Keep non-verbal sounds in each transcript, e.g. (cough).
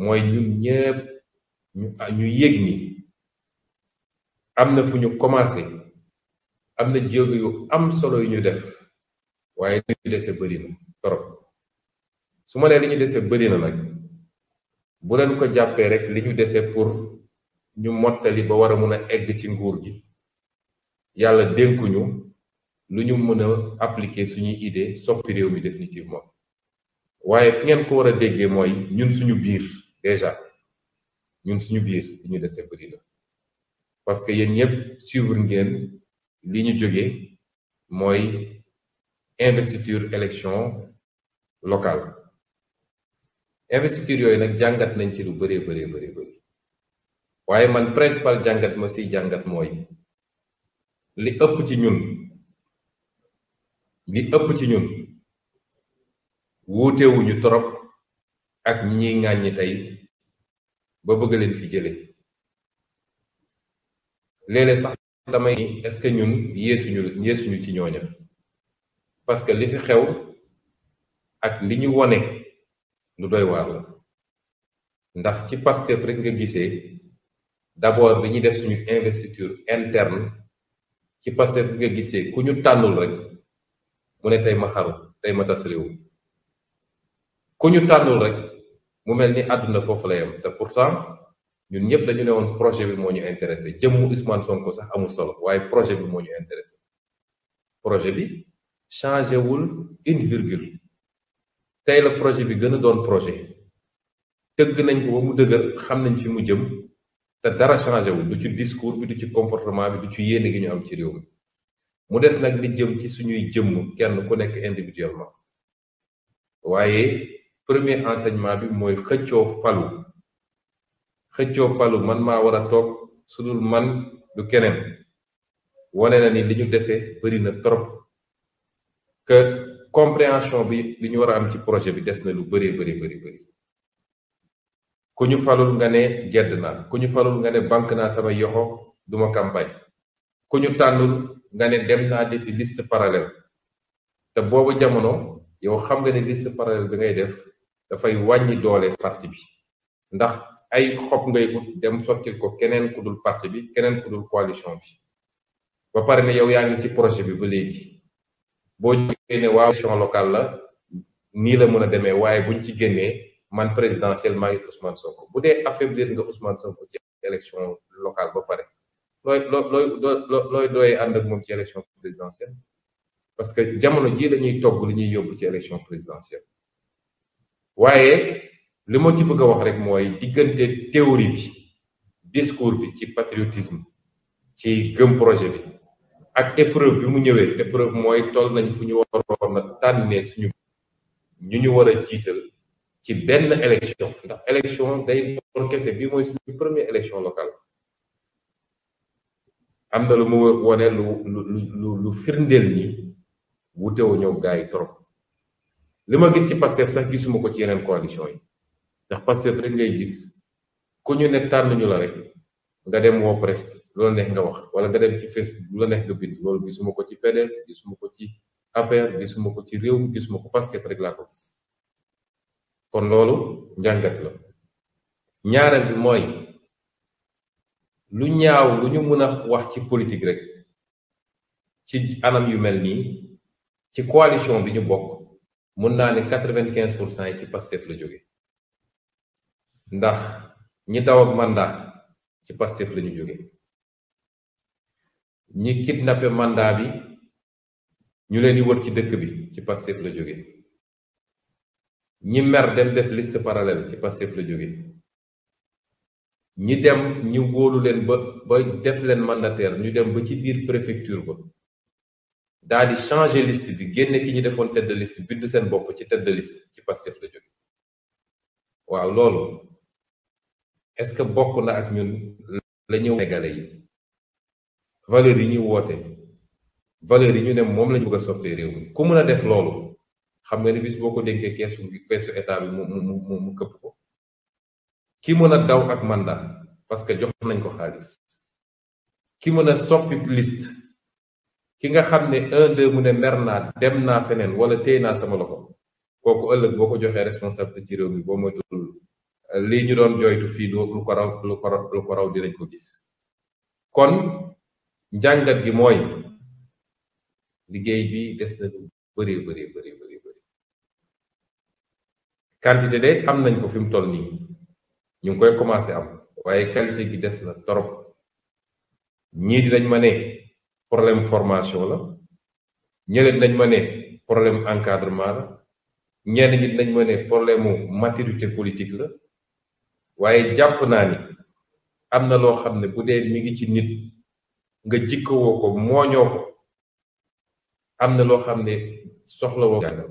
mooy ñun ñëpp ñu ñu yëg ni am na fu ñu commencé am na jéego yu am solo yu ñu def waaye li ñu dese bëri na su ma nee li ñu dese bëri na nag bu leen ko jàppee rek li ñu dese pour ñu mottali ba war a mun a egg ci nguur gi yàlla dénkuñu lu ñu mën a appliquer suñuy idée soppi réew mi définitivement waaye fi ngeen ko war a déggee mooy ñun suñu biir déjà ñun suñu biir li ñu dese bëri la parce que yéen ñëpp suivre ngeen li ñu jógee mooy investiture élection locale investiture yooyu nag jàngat nañ ci lu bëree bëree bëri bëri waaye man principal jàngat ma si jàngat mooy li ëpp ci ñun li ëpp ci ñun wuutewuñu torop ak ñi ñi ŋàññi tay ba bëgg leen fi jëlé lélé sax damay est ce que ñun yeesuñu yeesuñu ci ñoña parce que li fi xew ak li ñu woné du doy war la ndax ci pasteur rek nga gissé d'abord bi ñi def suñu investiture interne ci pasteur nga gissé ku ñu tanul rek mu né tay ma xaru tay ma tas ku ñu tànnul rek mu mel ni àdduna foofu la yem te pourtant ñun ñëpp dañu ne woon projet bi moo ñu intéressé jëmmu Ousmane Sonko sax amul solo waaye projet bi moo ñu intéressé projet bi changé wul une virgule tey la projet bi gën a doon projet tëgg nañ ko ba mu dëgër xam nañ fi mu jëm te dara changé wul du ci discours bi du ci comportement bi du ci yéene gi ñu am ci réew mi mu des nag li jëm ci suñuy jëmm kenn ku nekk individuellement waaye premier enseignement bi moy xëccio falu xëccio falu. man ma wara tok sudul man du kenen wane na ni liñu déssé bari na trop que compréhension bi liñu wara am ci projet bi des na lu bari bari bari bari ku ñu falul nga né gedd na ku ñu falul nga né bank na sama yoxo duma campagne ku ñu tanul nga né dem na defi liste parallèle te bobu jamono yow xam nga ne liste parallèle bi ngay def dafay wàññi doole parti bi ndax ay xob ngay ut dem sottil ko keneen ku dul parti bi keneen ku dul coalition bi ba pare ne yow yaa ngi ci projet bi ba léegi boo jógee ne waaw élection locale la nii la mën a demee waaye buñ ci génnee man présidentiel maa ngi Ousmane Sonko bu dee affaiblir nga Ousmane Sonko ci élection locale ba pare looy loo looy looy dooyee ànd ak moom ci élection présidentielle parce que jamono jii lañuy togg li ñuy yóbbu ci élection présidentielle waaye li ma ci bëgg a wax rek mooy diggante théorie bi discours bi ci patriotisme ci gëm projet bi ak épreuve bi mu ñëwee épreuve mooy toll nañ fu ñu waroon a tànnee suñu ñu ñu war a jiital ci benn élection ndax élection day doon kese bi mooy suñu première élection locale am na lu mu wone lu lu lu firndeel ni wutewuñoo gaa yi trop li ma gis ci Pastef sax gisuma ko ci yeneen coalition yi ndax Pastef rek ngay gis ku ñu ne tànn ñu la rek nga dem woo presse bi lu la neex nga wax wala nga dem ci Facebook lu la neex nga bind loolu gisuma ko ci PDS gisuma ko ci APR gisuma ko ci réew mi gisuma ko Pastef rek laa ko gis kon loolu njàngat la ñaareel bi mooy lu ñaaw lu ñu mën a wax ci politique rek ci anam yu mel nii ci coalition bi ñu bokk. mun naa ni quatre vingt quinze pour cent yi ci Pastef la jóge ndax ñi daw ak mandat ci Pastef lañu ñu jóge ñi kidnappé mandat bi ñu leen yi wër ci dëkk bi ci Pastef la jóge ñi mer dem def liste parallèle ci Pastef la jóge ñi dem ñu wóolu leen ba ba def leen mandataire ñu dem ba ci biir préfecture ba daa di changer liste bi génne ki ñu defoon tête de liste bind seen bopp ci tête de liste ci Pastef la jóge waaw loolu est-ce que bokk na ak ñun la ñëw sénégalais yi valeur yi ñu woote valeur yi ñu ne moom lañu bëgg a soppee réew mi ku mën a def loolu xam nga ni bis boo ko dénkee keesu keesu état bi mu mu mu mu këpp ko ki mën a daw ak mandat parce que jox nañ ko xaalis ki mën a soppi liste ki nga xam ne un deux ne mer naa dem naa feneen wala tey naa sama loxo kooku ëllëg boo ko joxee responsabilité ci réew mi boo moytuwul euh, lii ñu doon joytu fii lu lu ko raw lu ko raw lu ko raw dinañ ko gis kon njàngat gi mooy liggéey bi des na lu bëri bëri bëri quantité de am nañ ko fi mu toll nii ñu ngi koy commencé am waaye qualité gi des na torop ñii dinañ ma ne problème formation la ñeneen nañ ma ne problème encadrement la ñenn nit nañ ma ne problème maturité politique la waaye jàpp naa ni am na loo xam ne bu dee mi ngi ci nit nga jikkawoo ko mooñoo ko am na loo xam ne soxlawoo jàngal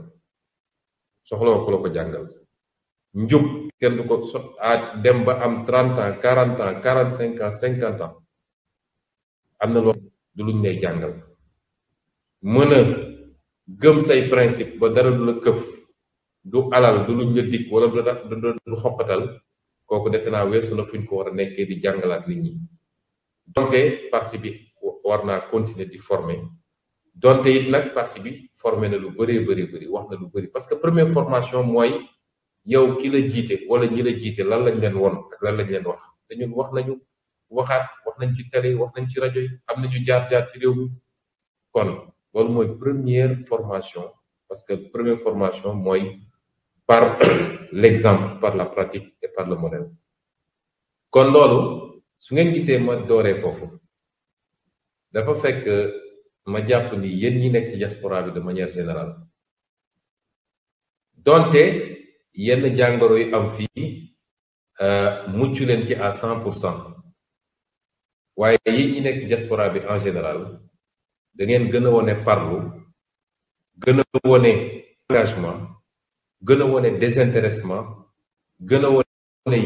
soxlawoo ko la ko jàngal njub kenn du ko so a ah, dem ba am 30 ans 40 ans 45 ans 50 ans am na loo du luñ lay jangal meuna gëm say principe ba dara du la keuf du alal du luñ la dik wala du du xoppatal koku defena wessu na fuñ ko wara nekké di jangalat nit ñi donté parti bi warna di former donté it nak parti bi formé na lu bëré bëré bëré wax na lu bëré parce que première formation moy yow ki la jité wala ñi la jité lan lañ leen won ak lan lañ leen wax dañu wax nañu waxat nañ ci télé wax nañ ci rajo yi am nañu jaar-jaar ci réew mi kon loolu mooy première formation parce que première formation mooy par (clears throat) l'exemple par la pratique et par le modèle kon loolu su ngeen gisee ma dooree foofu dafa fekk ma jàpp ni yéen ñi nekk ci diaspora bi de manière générale donte yenn jàngoro yu am fii euh, mucc leen ci à cent pour cent waaye yéen ñi nekk diaspora bi en général da ngeen gën a wone parlu gën a wone engagement gën a wone désintéressement gën a wone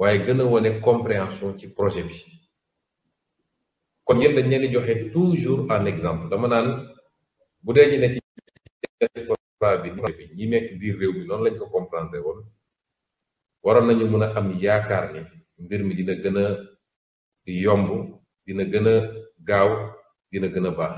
waaye gën a wone compréhension ci projet bi kon yéen dañ leen di joxe toujours en exemple dama naan bu dee ñu ne ci diaspora bi ñi nekk biir réew mi noonu lañ ko comprendre woon waroon nañu mën a am yaakaar ni mbir mi dina gën a yomb dina gën a gaaw dina gën a baax